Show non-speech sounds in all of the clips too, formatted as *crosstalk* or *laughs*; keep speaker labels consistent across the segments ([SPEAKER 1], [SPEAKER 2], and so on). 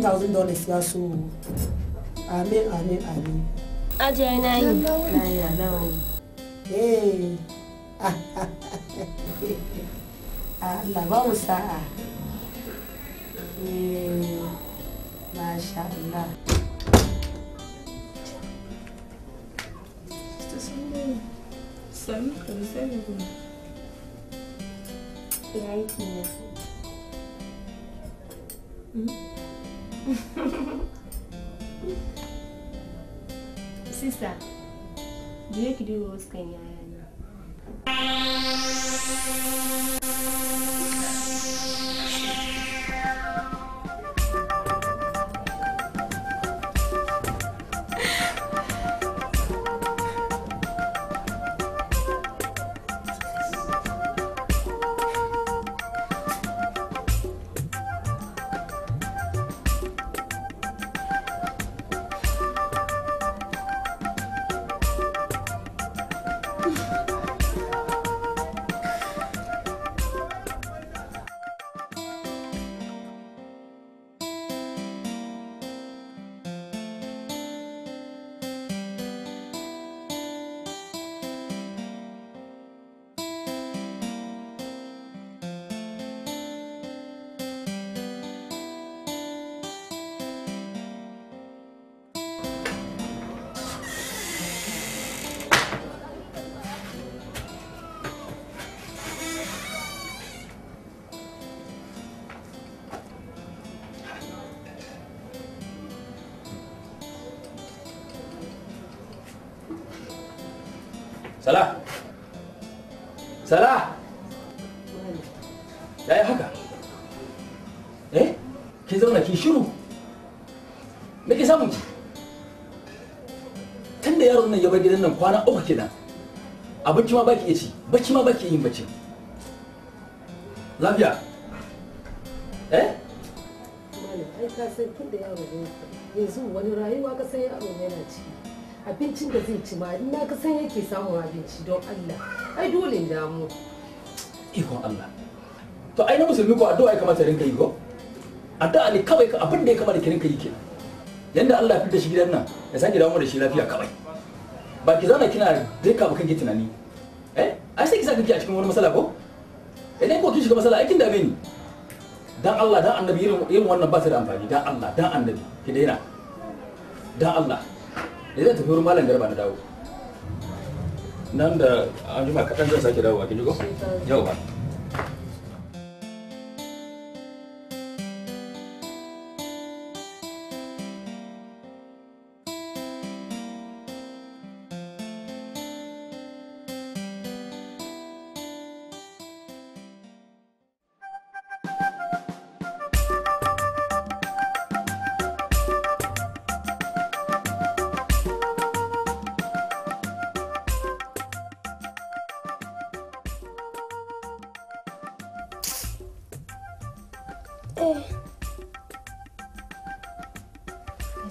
[SPEAKER 1] $10,000 za su amin amin amin ajiye na yi na yi alawo eh *laughs* ah, Allah ba mu sa'a eh sha Allah Sister, do you agree with Kenya?
[SPEAKER 2] Salah. Salah. Ya ya haka. Eh? Ki zauna ki shiru. Me ki samu ki? Tunda yaron nan ya bar gidan nan kwana uku kenan. Abinci ma baki yace, ci, bacci ma baki yin bacci. Lafiya. Eh?
[SPEAKER 1] Malam, ai ka san tunda yaro ne yanzu wani rayuwa ka san yaro yana ciki. abincin da zai ci ma ina ka san yake samun abinci don Allah ai dole in damu
[SPEAKER 2] ikon Allah to ai na musulmi ko addu'a ya kamata rinka yi ko addu'a ne kawai ka abin da ya kamata ka rinka yi kenan yanda Allah ya fita shi gidan nan ya sake dawo da shi lafiya kawai ba ki zauna kina duka ba kanki tunani eh ai sai ki sa ki a cikin wani matsala ko idan eh, ko kin shiga matsala kin dame ni dan Allah dan annabi irin wannan ba ta da amfani dan Allah dan annabi ki daina dan Allah da eh, zan tafi wurin malam garba na dawo nan da an jima kaɗan zan sake dawowa kin ji ko yau ba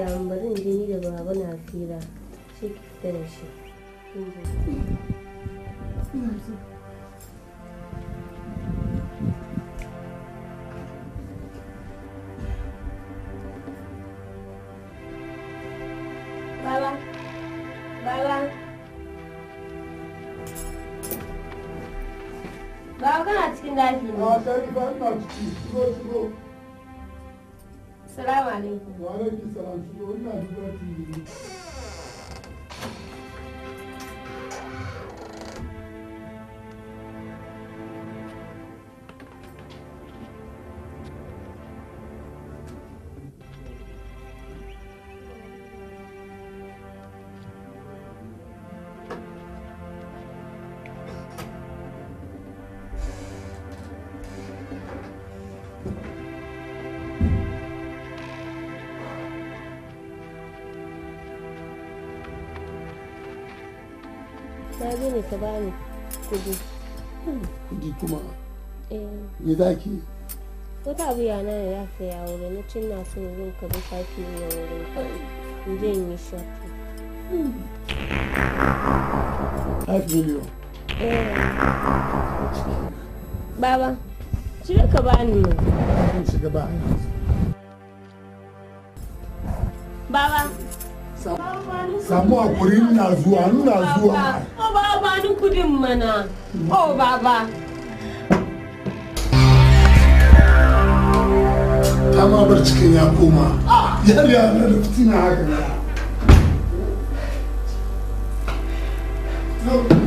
[SPEAKER 1] damu bari in je ni da baba na fira ki fita da shi Baba, Baba, Baba kana cikin daji ne? Ba, ba, ba, Salamu
[SPEAKER 3] alaikum. Wa alaikum salam. Wannan duba TV.
[SPEAKER 1] ka bani kuɗi kuɗi kuma ee, ya za ki wata abu yana da za ka yawo da na cin na son wurin ka bi fafi ya wurin ka in je in yi shopping Five Baba, cire ka bani mu. Shiga ba. Baba. samu hakuri na zuwa nuna zuwa o baba oh, ni kudin mana o oh, baba ta ma bar cikin ya koma
[SPEAKER 3] yar ya na da na haka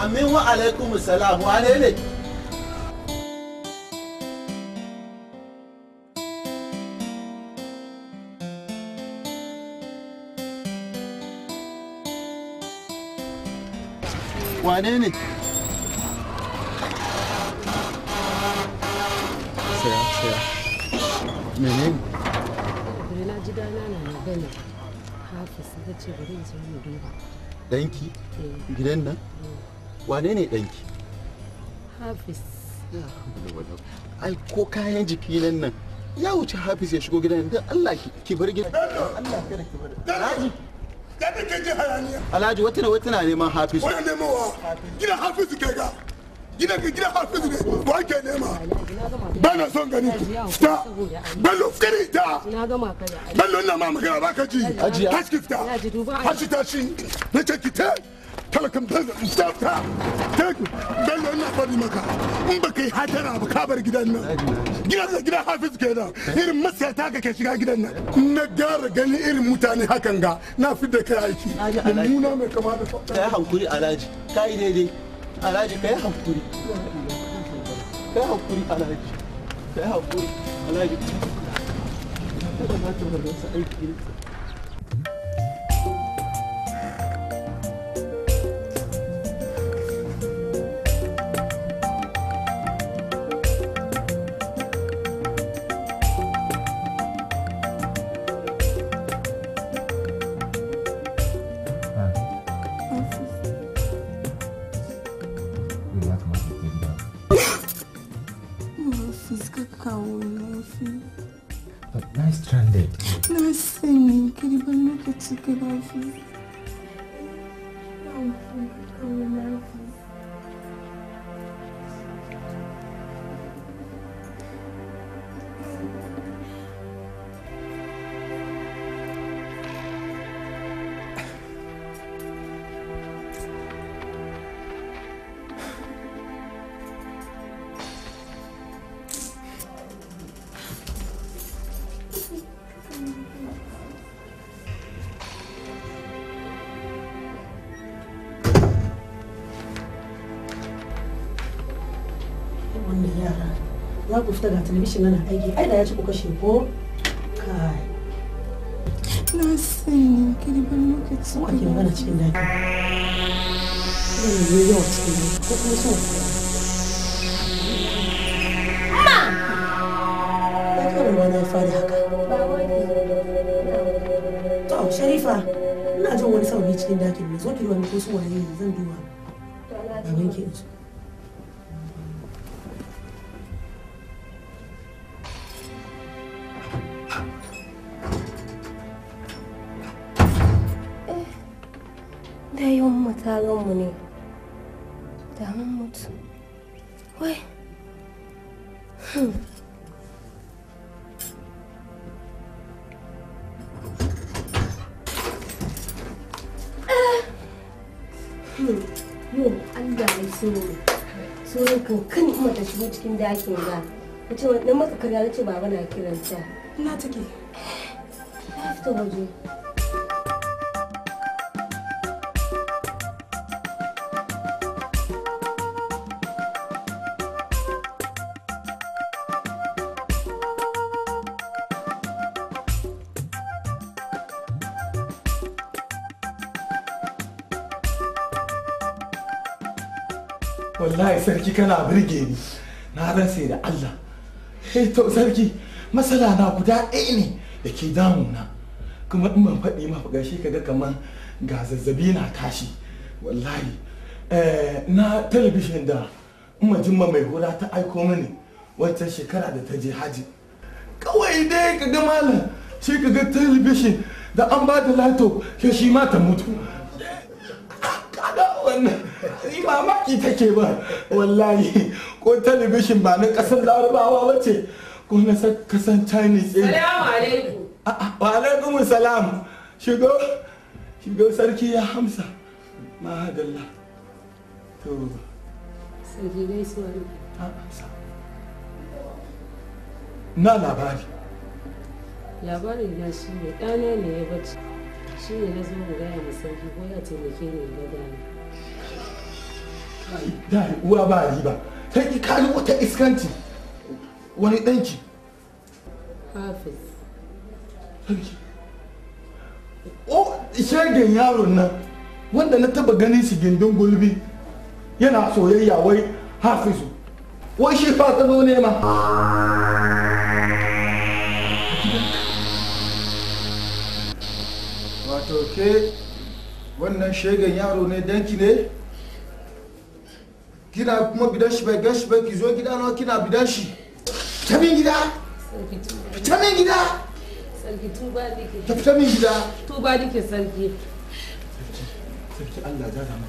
[SPEAKER 1] amin wa
[SPEAKER 4] alaikum salam wane ne
[SPEAKER 3] wane ne saya saya
[SPEAKER 2] menene
[SPEAKER 1] na ji dana na magana ce bari in zo mu duba danki eh.
[SPEAKER 2] gidan nan eh. wane ne
[SPEAKER 4] ɗanki hafiz ai ko kayan jiki nan nan ya wuce hafiz ya shigo gidan don allah ki bar gidan allah kada ki bar
[SPEAKER 3] ke ji hayaniya
[SPEAKER 4] alhaji wata wata na neman hafiz wani neman wa
[SPEAKER 3] gidan hafiz ke ga gidan ka gidan hafiz ne wa ke nema ba son gani fita bello fita ta
[SPEAKER 1] bello na ma magana ba ka ji haski fita haski
[SPEAKER 3] tashi na ce ki ta talakan tsafta dan nan na faɗi maka in ba kai hajara ba ka bar gidan nan gidan da gidan hafiz kenan irin masiyata ka ke shiga gidan nan na gyara gani irin mutane hakan ga na fi da kai aiki mummuna mai kama da tsafta kai hankuri alhaji kai daidai
[SPEAKER 4] alhaji kai hankuri kai hankuri alhaji kai hankuri
[SPEAKER 2] alhaji kada za ta
[SPEAKER 1] za ku fita ga talabishin nan aiki ai da ya ci ku kashe ko kai na sani kiri ban lokaci ko ake magana cikin daɗi zan yi yawa cikin daɗi ko kuma so ma ya kawai ruwa na fara haka to sharifa ina jin wani sauri cikin dakin ne zo ki ruwa ko su waye zan duba baban ki yanzu cikin dakin ga na ce na maka kariya na ce baba na kiran ta ina take ta fita waje
[SPEAKER 4] wallahi sarki kana birge ni na sai da Allah eh, to sarki masala na guda ɗaya ne da ke damuna kuma in ban faɗi ma shi kaga kamar ga zazzabi na tashi wallahi eh, na talabishin da majimma mai hula ta aiko mani wata shekara da ta je haji kawai dai ka ga malam sai ka ga talabishin da an ba da lato ke shi ma ta mutu eh, kaga wannan ni mamaki take ba wallahi ko talabishin ba na kasar larabawa ba ce ko na kasan chinese ne salamu
[SPEAKER 1] alaikum
[SPEAKER 4] wa alaikum salam shigo shigo sarki ya hamsa hadalla to
[SPEAKER 1] sarki gaisuwa
[SPEAKER 4] na labari
[SPEAKER 1] labarin na shi ne dana ne ya bace shi ne na zuwa gaya da sarki ko ya taimake ne ga gane
[SPEAKER 4] da uwa ba riba
[SPEAKER 3] ta ki kali wata iskanci
[SPEAKER 1] wani ɗanki hafiz
[SPEAKER 3] o
[SPEAKER 4] yaron nan wanda na taba ganin shi gindin gulbi yana soyayya wai hafizu wai shi fa ne ma wato ke wannan shaidan yaro ne danki ne kina kuma bidan shi bai gan shi bai ki zo gida na kina bidan shi ta min gida
[SPEAKER 1] ta min gida sarki tuba dike ta fita min gida ba dike sarki
[SPEAKER 4] sarki Allah ya zama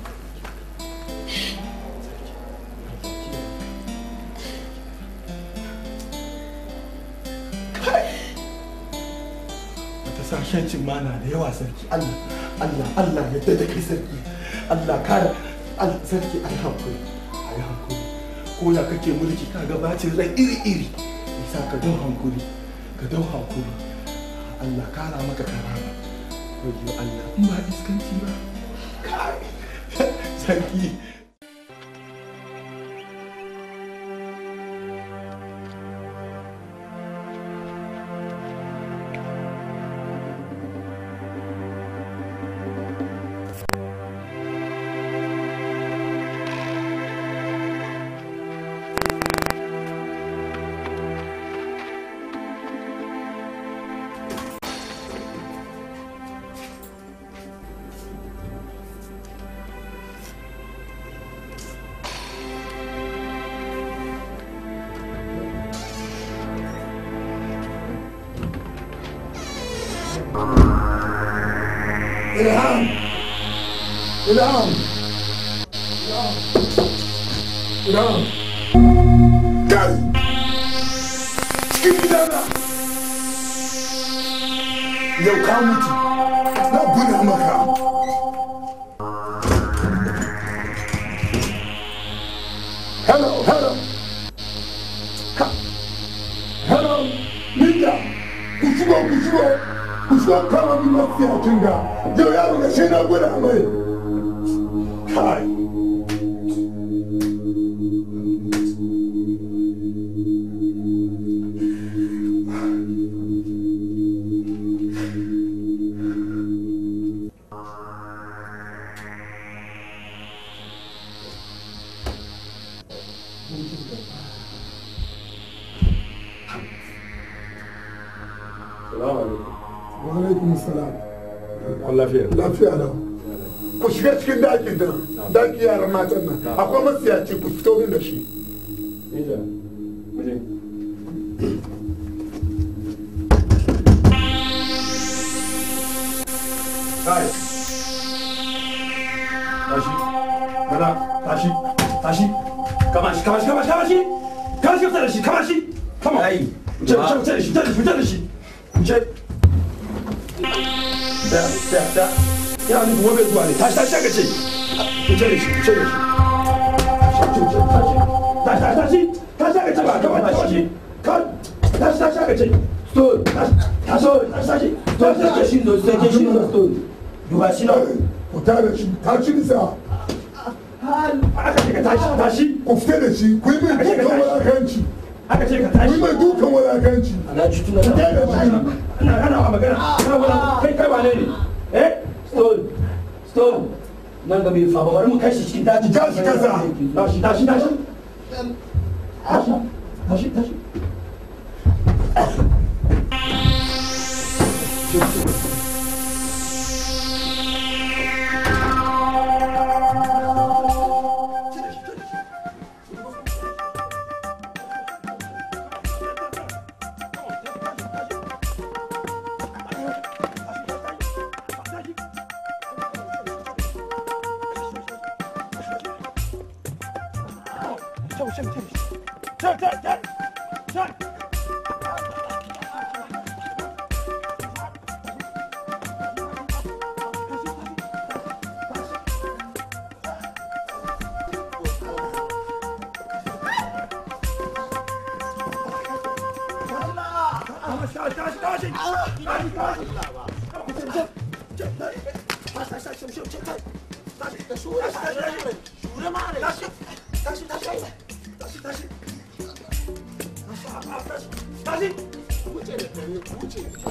[SPEAKER 4] sashencin ma na da yawa sarki Allah Allah Allah ya da kai sarki Allah kare sarki Allah kai koda kake mulki ka ga rai iri-iri isa ka dau hankuri ka dau hankuri Allah kara maka karama wajen Allah
[SPEAKER 3] ba iskanci ba kai
[SPEAKER 4] *laughs* sarki
[SPEAKER 3] İlham. İlham. İlham. İlham. Gel. Git gidana. Yau ka mutu. Na guna maka. Hello, hello. Hello, Linda. Kusuba, kusuba. You Kristo kama vilivyofia uchinga juu yangu, nashinda bure. Amen. Hai. akwai masiyaci ku fito da shi
[SPEAKER 2] Kai. Tashi. Mana, tashi. Tashi. shi, kama shi, kama shi, kama shi. Kama shi, da shi, wuce da shi, wuce da shi. Wuce. Da, Ya ni Tashi, tashi, da shi. tashi tashi tashi ka ce ba ka wani tashi ka tashi tashi ka ce stone tashi tashi tashi tashi shi no sai shi no stone
[SPEAKER 3] duba shi no tashi sa aka ce ka tashi tashi ku fita da shi ku yi mai dukan walakanci aka ce ka tashi ku yi mai dukan walakanci
[SPEAKER 2] ana cutu na da shi ana ana magana ana wala kai kai wane eh stone stone nan ga bai fa ba bari mu kai shi cikin daji tashi kasa tashi tashi tashi عشرة هشيل
[SPEAKER 3] 打起！打起！打起！打打起！打起！打起！打起！打起！打打打打
[SPEAKER 4] 起！打起！打打打起！打打起！打起！打起！打起！打起！打起！打起！打起！打起！打起！打起！打起！
[SPEAKER 3] 打起！打起！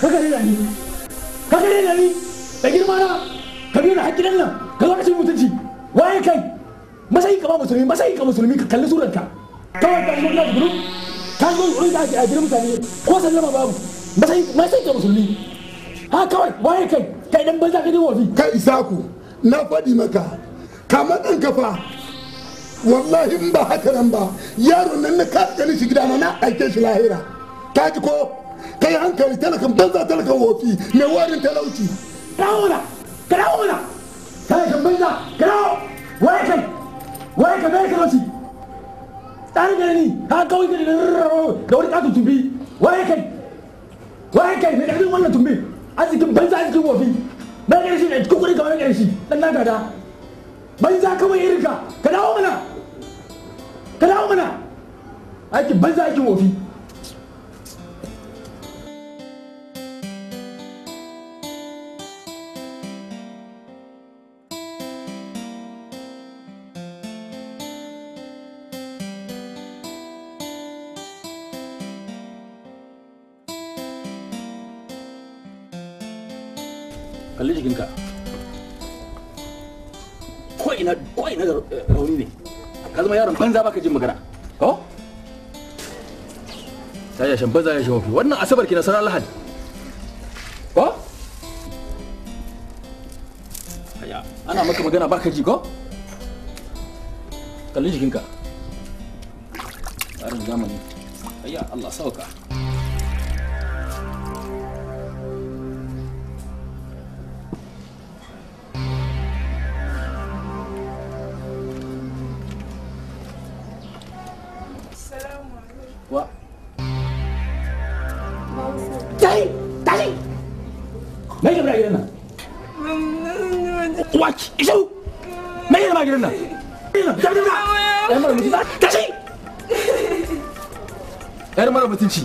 [SPEAKER 2] ka gare da ni ka gare da ni da girma na ka biyo da haƙƙin nan ka zo ka cin mutunci waye kai masai ka ba musulmi masai ka musulmi ka kalli suranka
[SPEAKER 1] kawai ka zo ka zuru
[SPEAKER 2] ka zo wurin da ake ajiyar mutane ko sallama babu masai masai ka musulmi ha
[SPEAKER 3] kawai waye kai kai dan banza ka je wofi kai isaku na faɗi maka kamar ɗan kafa wallahi in ba haka nan ba yaron nan na kaskani shi gidana na aike shi lahira ta ji ko kai hankali talakan banza talakan wofi mai warin
[SPEAKER 2] talauci kirawo na kirawo na talakan banza kirawo waye kai waye kai mai talauci tsarin da ni ha kawai da da wani katon tumbi waye kai waye kai mai karfin wannan tumbi arzikin banza arzikin wofi mai karfi ne, kukuri kamar karfi dan na gada banza kawai irinka ka dawo mana ka dawo mana aikin banza aiki wofi baka jin magana ko ta ya shamba za ya mafi wannan asabar ki na sanar lahadi ko ana maka magana baka ji ko kalli jikinka tsarin zamani ayya Allah sauka me yake a gidan watch ishu me yake a gidan nan mara mutunci tashi yar mara mutunci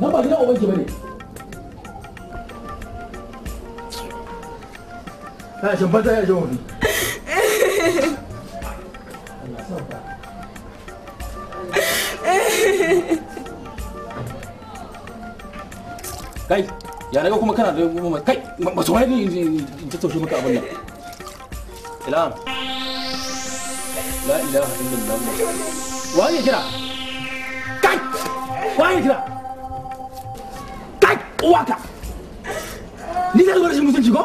[SPEAKER 2] na ba gidan ubanki bane ya shan banza ya shan wani kai ya daga kuma kana da goma kai ba su wani in ta taushe maka abin nan ilham la ilaha illallah wa ya kira kai wa ya kira kai uwaka ni da rashin mutunci ko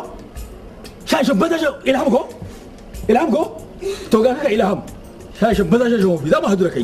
[SPEAKER 2] sha shi bada shi ilham ko ilham ko to ga ka ilham sha shi bada shi jomobi za mu hadura kai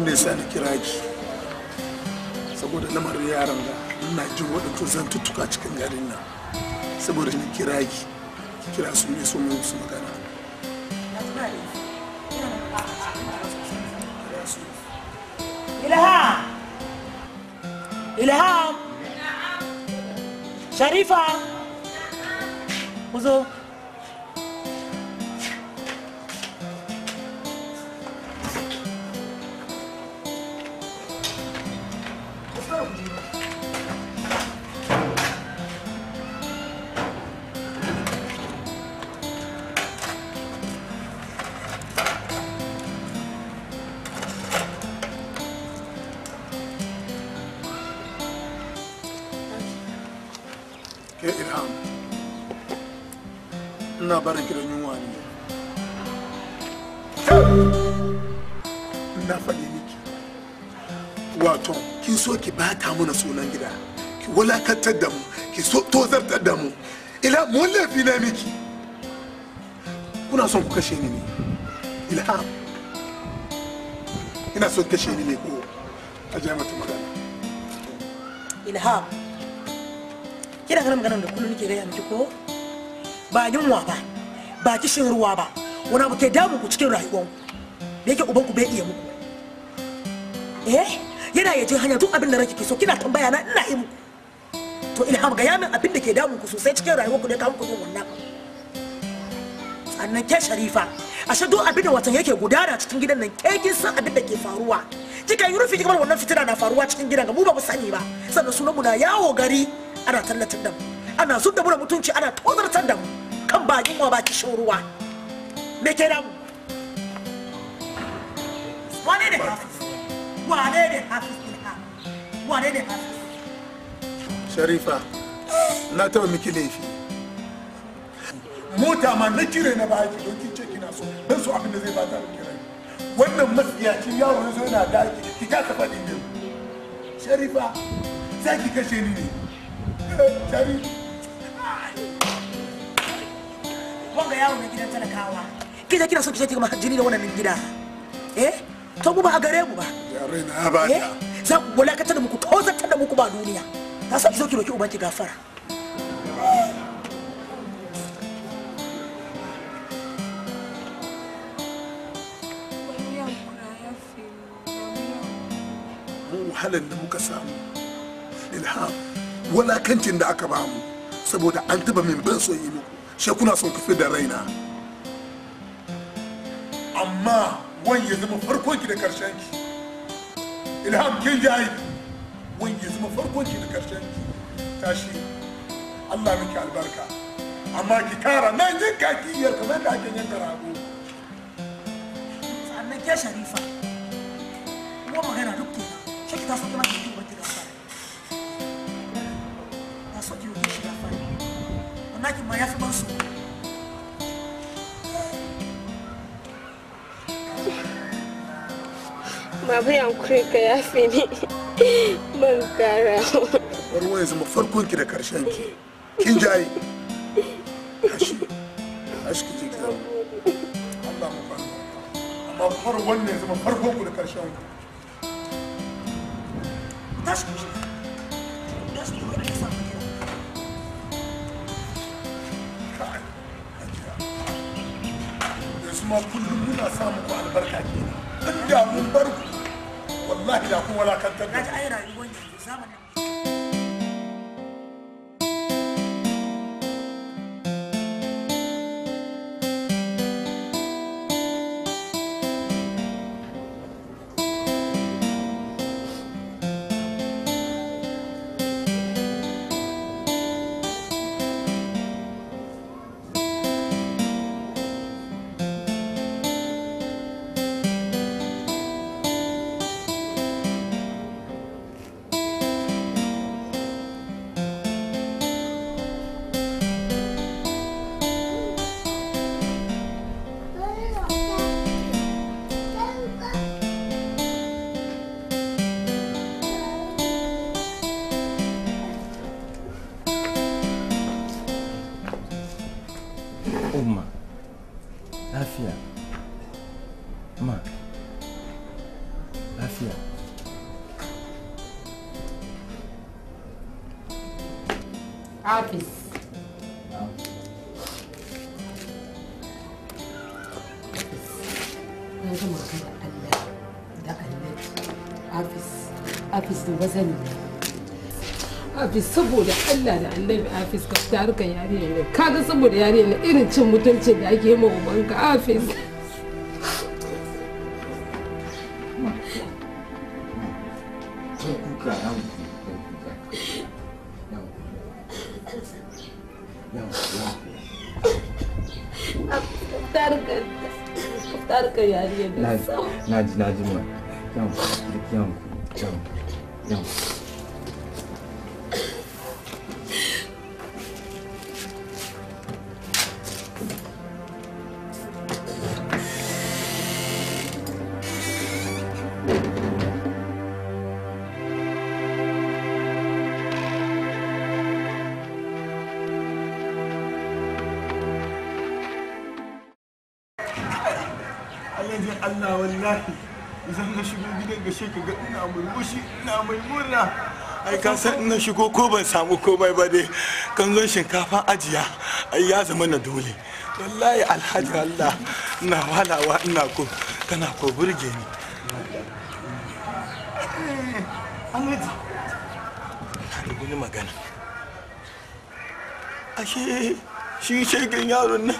[SPEAKER 3] abin da ya sa ni kira ki saboda lamarin yaran da ina jin zan zantuttuka cikin garin nan saboda ni kira ki kira su ne so mu su magana
[SPEAKER 1] ilham ilham sharifa ku
[SPEAKER 3] na barin ki don yunwa ne na faɗi miki wato kin so ki bata mana sunan gida ki wulakantar da mu ki so tozartar da mu ila mun laifi na miki kuna son ku kashe ni ne ilham ina son kashe ni ne ko a jami'a mata magana
[SPEAKER 1] ilham kina ganin maganar da kullum nake gaya miki ko ba yunwa ba ba kishin ruwa ba wani abu ke damu ku cikin ku da yake ku bai iya muku eh yana yaje hanya duk abin da rake ke so kina tambaya na ina yi muku to ina ga yamin abin da ke damun ku sosai cikin rayuwar ku ne kamun ku yin wannan annan ke sharifa ashe duk abin da watan yake gudana cikin gidan nan ke kin san abin da ke faruwa kika yi rufi kamar wannan fitina na faruwa cikin gidan ga mu ba mu sani ba sannan sunan mu na yawo gari ana tallatin da mu ana zudda mu da mutunci ana tozartar da mu kan ba wa baki kishin ruwa me ke damu wane ne hafiz wane ne hafiz wane ne hafiz
[SPEAKER 3] sharifa na taba miki laifi mota ma na kire na baki don ki ce kina so dan so abin da zai bata miki rai wannan matsiyacin yaro yazo yana daki ki ka faɗi ne sharifa
[SPEAKER 1] za ki kashe ni ne eh, sharifa wanga yaro na gidan talakawa kije kina so kije ki jini da wannan gida eh to mu ba a gare mu ba yare na ba ta eh? za ku wulakata da muku kauzata da muku ba duniya ta sa ki ki roki ubanki gafara
[SPEAKER 3] wahalar da muka samu ilham wala walakancin da aka bamu saboda an taba min ban so yi muku she kuna so ku da raina amma wani ya zama farkon ki da karshen ki ilham kin jayi wani ya zama farkon ki da karshen ki tashi Allah miki albarka amma ki kara nan yanka ki yar kamar da ake yin rago
[SPEAKER 1] sannan ke sharifa kuma magana duk kenan shi ki taso kina ki da sa ɗakin ma ya fi ban su babu ka ya fi ni ban kara
[SPEAKER 3] zama ki da karshen kin jayi kashi kashi ki jiki Allah mu fara amma har wannan ya zama da karshen ku kuma kullum muna samun ku albarka kenan inda mun bar ku wallahi da kun walakantar da ku
[SPEAKER 1] ba zani saboda Allah da Annabi Hafiz ka tarukan yarinyar ne kaga saboda yarinyar ne irin cin mutuncin da ake yi ma ubanka Hafiz Na ji na ji ma. No.
[SPEAKER 3] Allah
[SPEAKER 4] wallahi zan ga shigo gidan gashe ka ga ina murmushi ina mai murna ai ka san ina shigo ko ban samu komai ba dai kanzon shinkafa ajiya ai ya zama na dole wallahi alhaji Allah ina walawa ina ko kana ko burge ni Alhaji wani magana ashe shi shegen yaron nan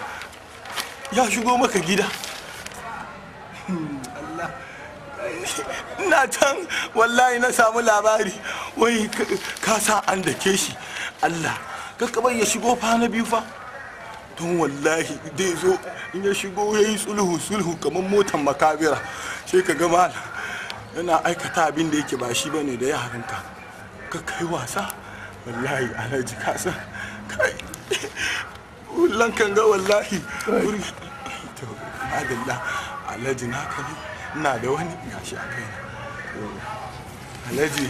[SPEAKER 4] ya shigo maka gida hmm. na can wallahi na samu labari wai ka sa an dake shi allah kakkabar ya shigo fa na biyu fa don wallahi dai zo in ya shigo ya yi sulhu sulhu kamar motan makabira sai ka gama yana aikata abin da yake ba shi ba ne da yaranka ka kai wasa wallahi alhaji kasa kai hullan ga wallahi adalla alhaji na kai ina da wani gashi a kaina alhaji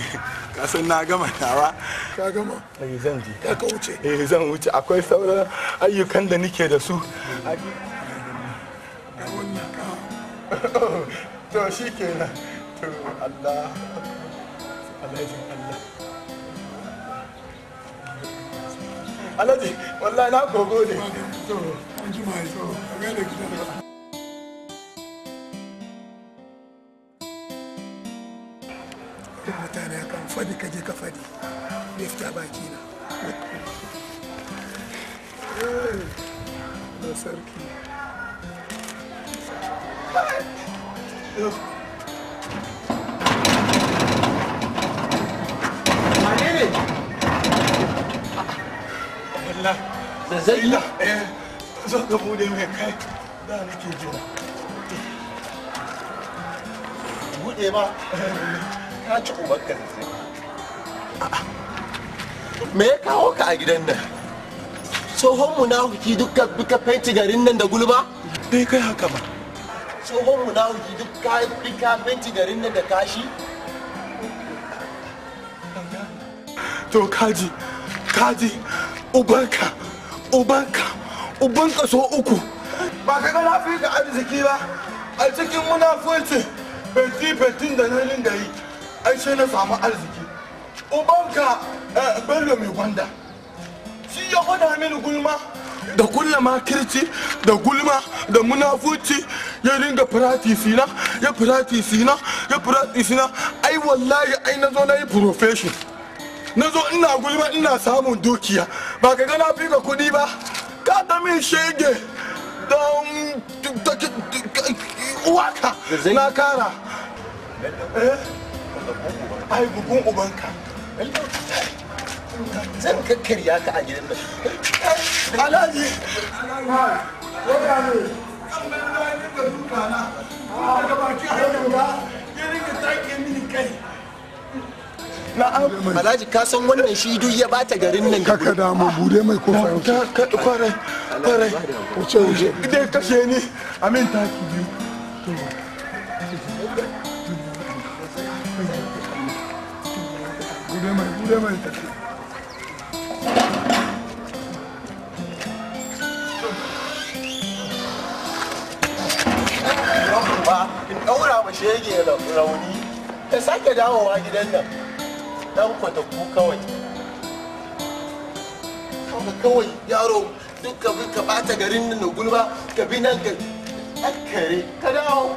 [SPEAKER 4] kasan na gama tawa ka gama eh zan ji ka ka wuce eh zan wuce akwai sauran ayyukan da nike da su to shi ke na to allah alhajin allah
[SPEAKER 3] alhaji wallahi na gogo ne to an ji mai so a gane gidan faɗi ka je ka faɗi bai fita baki na eh, na sarki da zai yi eh,
[SPEAKER 4] zo ka bude mai kai da nake jira bude ba eh, ka ci ubanka da zai me ya kawo ka a gidan nan tsohon munafiki duka bika fenti garin nan da gulba bai kai haka ba tsohon munafiki duka bika fenti garin nan da kashi to kaji kaji ubanka ubanka ubanka so uku ba ka ga lafi ga arziki ba a cikin munafurci bai betin da na ringa yi ai sai na samu arziki ubanka eh, bello mai gwanda shi ya gwada mini gulma da kulla makirci da gulma da munafuci ya ringa firatisi ya firatisi na ya firatisi na ai wallahi ai na zo na yi profession na zo ina gulma ina samun dukiya ba ka gana fi ka kudi ba ka da min shege don uwaka na kara eh? ai gugun ubanka
[SPEAKER 1] zan kakkarya ka a gidan nan
[SPEAKER 3] alhaji ko
[SPEAKER 4] da na ya ka san wannan shi duk ya bata garin nan kaka da mu bude mai kofa yau ka ka kware kware wuce wuce kashe ni amin mai tafi in ɗaura ma shege rauni ta sake dawowa gidan nan dan kwatakku kawai kawai yaro duk ka bi ka bata garin nan gulba ka bi nan ka ka dawo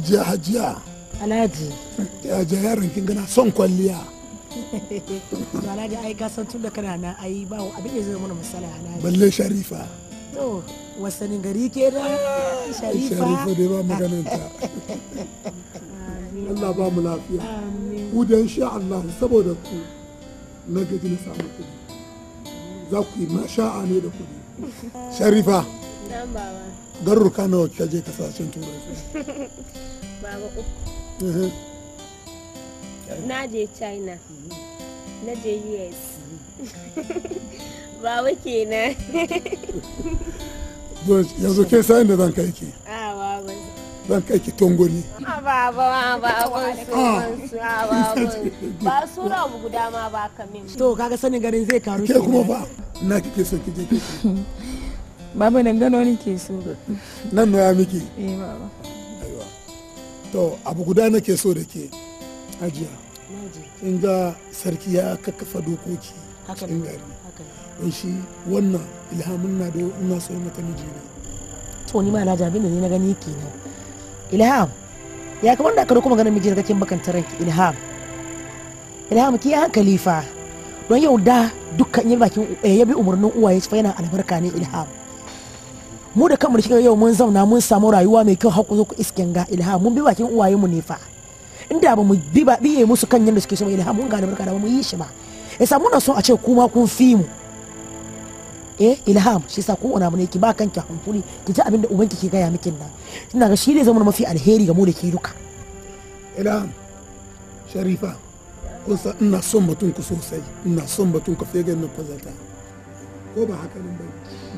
[SPEAKER 3] hajiya hajiya alhaji hajiya yaron kin gana son kwalliya
[SPEAKER 1] *laughs* ba ai ka san tun da kana na ai balle sharifa to gari ke da sharifa sharifa
[SPEAKER 3] dai
[SPEAKER 1] ba
[SPEAKER 3] Allah ba mu lafiya ku da insha Allah saboda ku na gaji na samu kuɗi za ku yi masha'a ne da kuɗi
[SPEAKER 1] *laughs* sharifa garuruka
[SPEAKER 3] nawa kika je kasashen turai *laughs*
[SPEAKER 1] baba uku na je china na je us *laughs* baba kenan
[SPEAKER 3] *laughs* yanzu ke sa da zan kai ki zan kai ki tongoni
[SPEAKER 1] ah. ba ba ba ba ba ba ba guda ma ba kamin to kaga sanin garin zai karu ke kuma ba
[SPEAKER 3] na kike so ki je ki baba ni ke so nan noya miki
[SPEAKER 1] eh baba aiwa
[SPEAKER 3] to abu guda nake so da ke hajiya in ga sarki ya kakkafa dokoki cikin gari don shi wannan ilhamin
[SPEAKER 1] na da ina so mata miji ne to ni ma na jabin da ni na gani kenan ilham ya kamar da aka dauko maganar miji da kake bakantar ranki ilham ilham ki hankali fa don yau da dukkan yin bakin eh, ya bi umarnin uwaye fa yana albarka ne ilham mu da kamar shi yau mun zauna mun samu rayuwa mai kyau hakuri ku isken ga ilha mun bi bakin uwaye mu ne fa inda ba mu bi ba biye musu kan yadda suke so ilha mun ga albarka da ba mu yi shi ma ya samu na so a ce kuma kun fi mu eh ilham shi yasa kowane abu ne ki ba kanki hankuri ki ji abin da ubanki ke gaya miki nan ina ga shi ne zama mafi alheri ga mu da ke duka ilham sharifa kun san ina
[SPEAKER 3] son batun ku sosai ina son batun ku fege na kwazata ko ba haka nan ba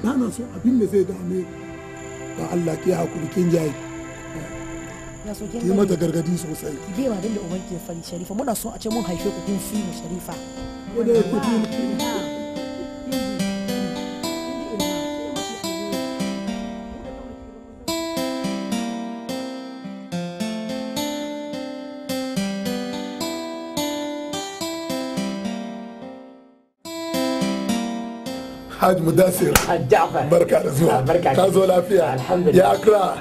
[SPEAKER 3] ba na so abin da zai dame ba Allah ke hakuri kin jaye
[SPEAKER 1] ke mata gargadi sosai ke bai abin da uban ke fari sharifa muna so a ce mun haife ku kun fi mu sharifa ko da ku
[SPEAKER 3] Hajji Mudassir. Barka da zuwa. Ah, ka zo lafiya. Ya Accra.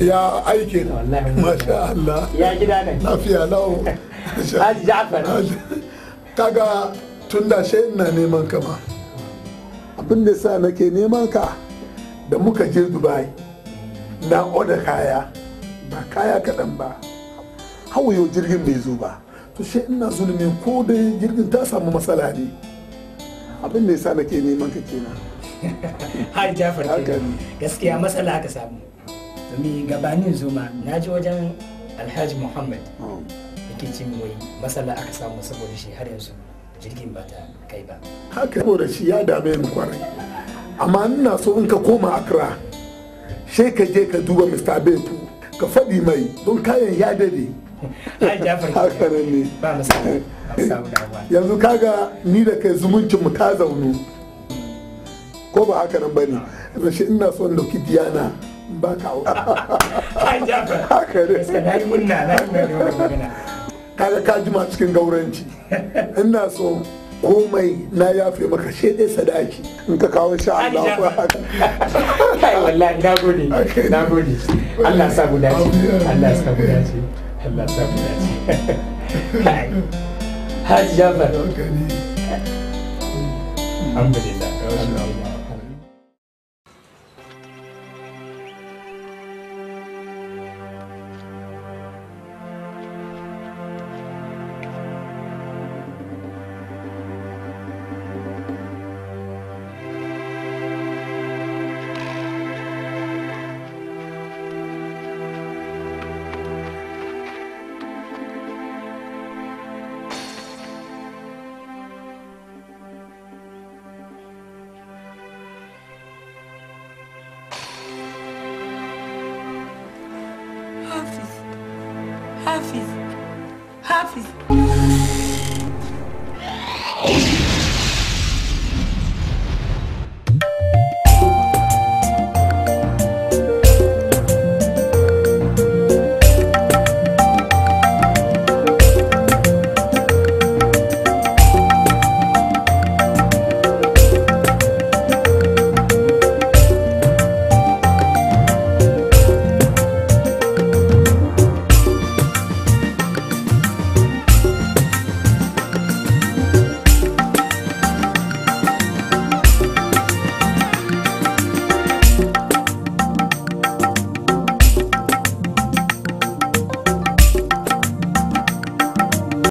[SPEAKER 3] Ya aikin. Masha Allah. Ya gida ne. Lafiya lau. *laughs* Hajji Ja'far. Kaga tun da shi ina neman kama. Abin da sa nake neman ka da muka je Dubai na oda kaya ba kaya kaɗan ba. Hawayo jirgin bai zo ba. To shi ina zulumin ko dai jirgin ta samu matsala ne. abin da sa nake neman ka kenan
[SPEAKER 1] *laughs* har jafar kenan gaskiya matsala ka samu domin gabanin zuma na ji wajen alhaji muhammad oh. ke ce wai matsala aka samu saboda shi har yanzu jirgin ba ta kai ba
[SPEAKER 3] haka saboda shi ya dame ni kwarai amma ina so in ka koma akra sai ka je ka duba mr betu ka faɗi mai don kayan ya dade *laughs* ai jafar ba matsala *laughs* yanzu kaga ni da kai zumuncin mu ta zaunu ko ba haka nan bane shi ina son dauki diyana ba ka aure haka ne na yi munna na yi munna kaga ka jima cikin gauranci ina so komai na yafe maka shi dai sadaki in ka kawo sha Allah ko haka kai wallahi na gode na gode Allah sa mu dace Allah sa mu dace Allah *laughs* sa mu dace hajiya ba alhamdulillah